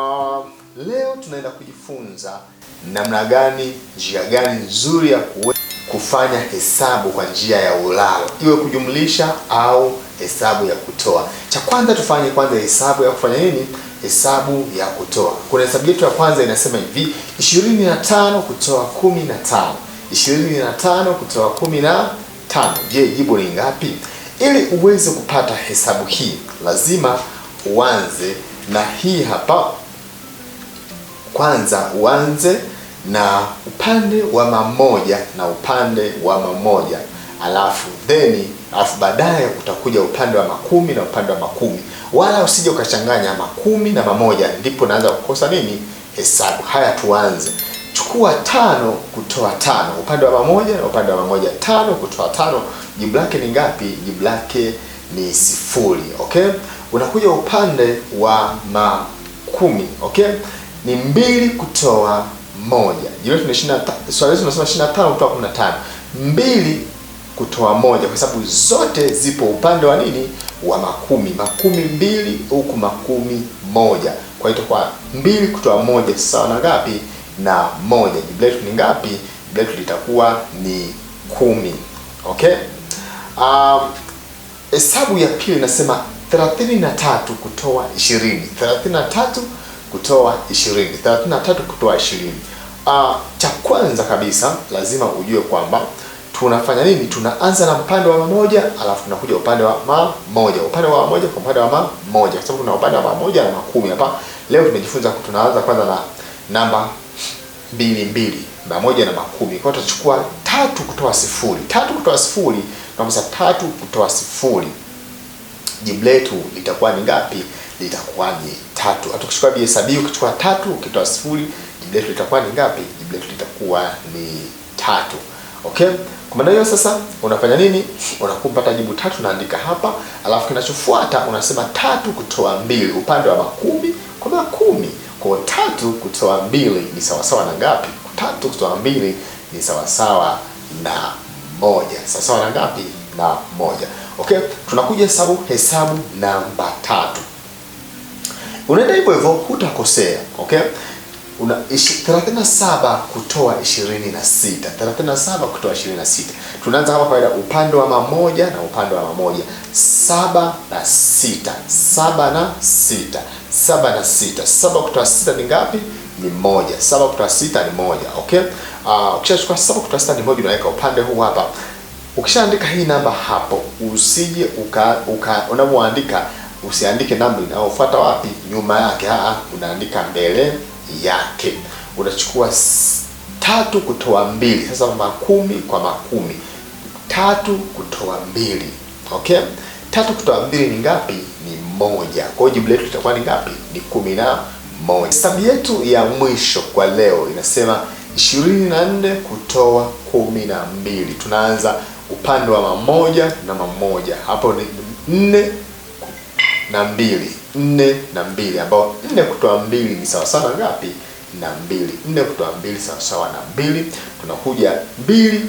Uh, leo tunaenda kujifunza namna gani, njia gani nzuri ya kufanya hesabu kwa njia ya ulalo, iwe kujumlisha au hesabu ya kutoa. Cha kwanza tufanye kwanza hesabu ya kufanya nini? Hesabu ya kutoa. Kuna hesabu yetu ya kwanza inasema hivi, 25 kutoa 15. 25 kutoa 15. Je, jibu ni ngapi? Ili uweze kupata hesabu hii lazima uanze na hii hapa kwanza uanze na upande wa mamoja na upande wa mamoja alafu then alafu baadaye utakuja upande wa makumi na upande wa makumi, wala usije ukachanganya makumi na mamoja, ndipo naanza kukosa nini hesabu. Haya, tuanze. Chukua tano kutoa tano, upande wa mamoja na upande wa mamoja. Tano kutoa tano, jibu lake ni ngapi? Jibu lake ni sifuri. Okay, unakuja upande wa makumi. Okay, ni mbili kutoa moja. Jiwe tunashinda swali letu tunasema tano kutoa tano, Mbili kutoa moja kwa sababu zote zipo upande wa nini? Wa makumi. Makumi mbili huku makumi moja. Kwa hiyo kwa mbili kutoa moja sawa na ngapi? Na moja. Jibu letu ni ngapi? Jibu letu litakuwa ni kumi. Okay? Um, hesabu ya pili inasema 33 kutoa 20. 33 kutoa ishirini, thelathini na tatu kutoa ishirini. Uh, cha kwanza kabisa lazima ujue kwamba tunafanya nini. Tunaanza na mpande wa mamoja, alafu tunakuja upande wa mamoja, upande wa mamoja kwa upande wa mamoja, kwa sababu tuna upande wa mamoja na makumi hapa. Leo tumejifunza, tunaanza kwanza na namba mbili mbili, mamoja na makumi. Kwa hiyo tutachukua tatu kutoa sifuri, tatu kutoa sifuri tunakosa tatu kutoa sifuri, jibu letu litakuwa ni ngapi? Litakuwa ni tatu. Tukishukua bihesabu, ukichukua tatu ukitoa sifuri, jibu letu litakuwa ni ngapi? Jibu letu litakuwa ni tatu. Okay? Kwa maana hiyo sasa unafanya nini? Unakupata jibu tatu naandika hapa, alafu kinachofuata unasema tatu kutoa mbili upande wa makumi kwa makumi. Kwa tatu kutoa mbili ni sawasawa na ngapi? Tatu kutoa mbili ni sawasawa na moja. Sawasawa na ngapi? Na moja. Okay? Tunakuja hesabu hesabu namba tatu unaenda hivyo hivyo, utakosea okay. Una 37 kutoa 26, 37 kutoa 26. Tunaanza hapa kawaida, upande wa mamoja na upande wa mamoja, saba na sita, saba na sita, saba na sita. Saba kutoa sita ni ngapi? Ni moja. Saba kutoa sita ni moja, okay. Uh, ukishachukua saba kutoa sita ni moja, unaweka upande huu hapa. Ukishaandika hii namba hapo, usije uka, uka unapoandika usiandike namba inayofuata wapi nyuma yake, a unaandika mbele yake. Unachukua tatu kutoa mbili, sasa makumi kwa makumi, tatu kutoa mbili. Okay, tatu kutoa mbili ni ngapi? Ni moja. Kwa hiyo jibu letu litakuwa ni ngapi? Ni kumi na moja. Hesabu yetu ya mwisho kwa leo inasema ishirini na nne kutoa kumi na mbili. Tunaanza upande wa mamoja na mamoja, hapo ni nne na mbili, nne na mbili, ambao nne kutoa mbili ni sawasawa na ngapi? Na mbili. Nne kutoa mbili sawasawa na mbili. Tunakuja mbili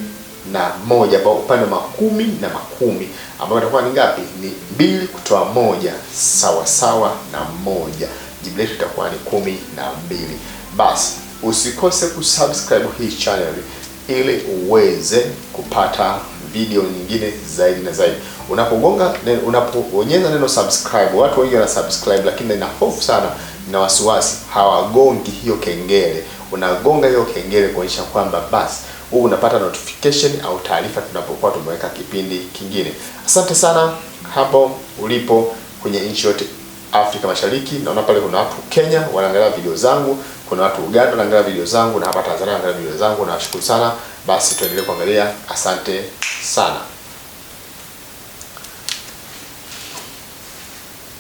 na moja, ambao upande wa makumi na makumi, ambao itakuwa ni ngapi? Ni mbili kutoa moja sawasawa na moja. Jibu letu itakuwa ni kumi na mbili. Basi usikose kusubscribe hii channel ili uweze kupata video nyingine zaidi na zaidi. Unapogonga, unapobonyeza neno subscribe, watu wengi wana subscribe, lakini ina hofu sana na wasiwasi, hawagongi hiyo kengele. Unagonga hiyo kengele kuonyesha kwamba basi huu unapata notification au taarifa tunapokuwa tumeweka kipindi kingine. Asante sana hapo ulipo kwenye nchi yote Afrika Mashariki. Naona pale kuna watu Kenya wanaangalia video zangu kuna watu Uganda wanaangalia video zangu na hapa Tanzania wanaangalia video zangu, nawashukuru sana. Basi tuendelee kuangalia. Asante sana.